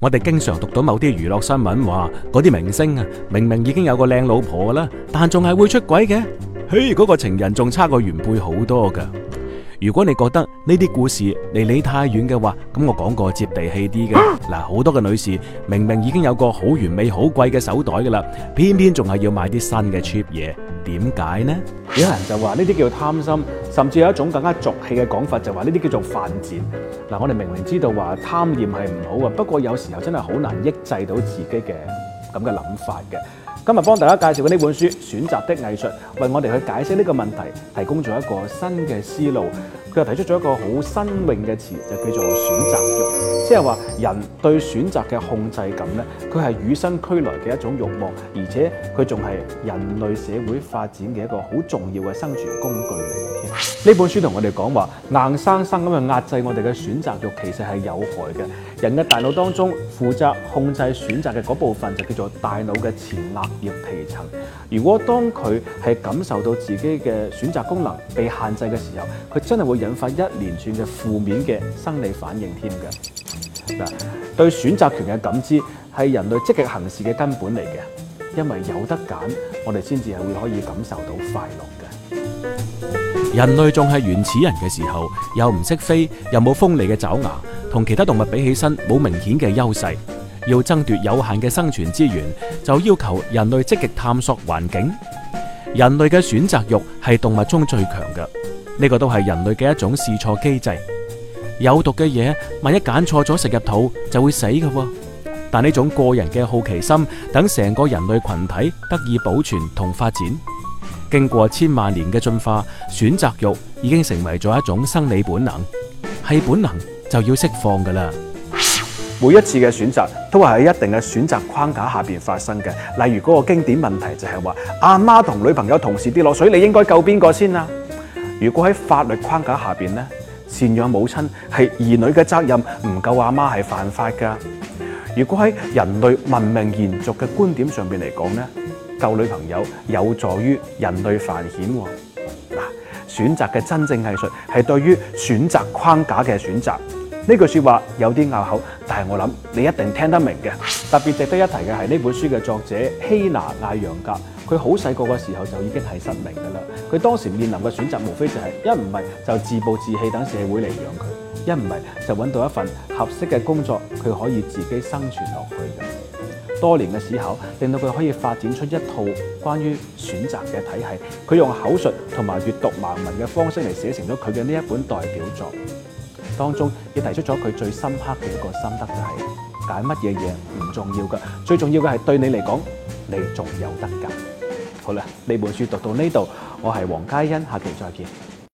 我哋經常讀到某啲娛樂新聞說，話嗰啲明星明明已經有個靚老婆啦，但仲係會出軌嘅。嘿，嗰、嗰個情人仲差過原配好多㗎。如果你覺得呢啲故事離你太遠嘅話，咁我講個接地氣啲嘅。嗱、啊，好多嘅女士明明已經有個好完美、好貴嘅手袋噶啦，偏偏仲係要買啲新嘅 cheap 嘢，點解呢？有人就話呢啲叫貪心，甚至有一種更加俗氣嘅講法，就話呢啲叫做犯賤。嗱、啊，我哋明明知道話貪念係唔好嘅，不過有時候真係好難抑制到自己嘅咁嘅諗法嘅。今日幫大家介紹嘅呢本書《選擇的藝術》，為我哋去解釋呢個問題，提供咗一個新嘅思路。佢又提出咗一個好新穎嘅詞，就叫做選擇欲，即係話人對選擇嘅控制感呢，佢係與生俱來嘅一種欲望，而且佢仲係人類社會發展嘅一個好重要嘅生存工具嚟嘅。呢本書同我哋講話，硬生生咁樣壓制我哋嘅選擇欲，其實係有害嘅。人嘅大腦當中負責控制選擇嘅嗰部分，就叫做大腦嘅前額葉皮層。如果當佢係感受到自己嘅選擇功能被限制嘅時候，佢真係會引發一連串嘅負面嘅生理反應添嘅。嗱，對選擇權嘅感知係人類積極行事嘅根本嚟嘅。因為有得揀，我哋先至係會可以感受到快樂嘅。人類仲係原始人嘅時候，又唔識飛，又冇鋒利嘅爪牙，同其他動物比起身冇明顯嘅優勢，要爭奪有限嘅生存資源，就要求人類積極探索環境。人類嘅選擇欲係動物中最強嘅。呢個都係人類嘅一種試錯機制，有毒嘅嘢萬一揀錯咗食入肚就會死噶。但呢種個人嘅好奇心等成個人類群體得以保存同發展，經過千萬年嘅進化，選擇欲已經成為咗一種生理本能。係本能就要釋放噶啦。每一次嘅選擇都係喺一定嘅選擇框架下邊發生嘅，例如嗰個經典問題就係話：阿媽同女朋友同時跌落水，所以你應該救邊個先啊？如果喺法律框架下邊咧，贍養母親係兒女嘅責任，唔救阿媽係犯法噶。如果喺人類文明延續嘅觀點上邊嚟講咧，救女朋友有助於人類繁衍。嗱、啊，選擇嘅真正藝術係對於選擇框架嘅選擇。呢句說話有啲拗口，但係我諗你一定聽得明嘅。特別值得一提嘅係呢本書嘅作者 希娜艾楊格。佢好細個嘅時候就已經係失明㗎喇，佢當時面臨嘅選擇無非就係一唔係就自暴自棄等社會嚟養佢，一唔係就揾到一份合適嘅工作，佢可以自己生存落去嘅。多年嘅思考令到佢可以發展出一套關於選擇嘅體系，佢用口述同埋閲讀盲文嘅方式嚟寫成咗佢嘅呢一本代表作。當中亦提出咗佢最深刻嘅一個心得，就係揀乜嘢嘢唔重要嘅，最重要嘅係對你嚟講，你仲有得揀。好啦，呢本書讀到呢度，我係黃嘉欣，下期再見。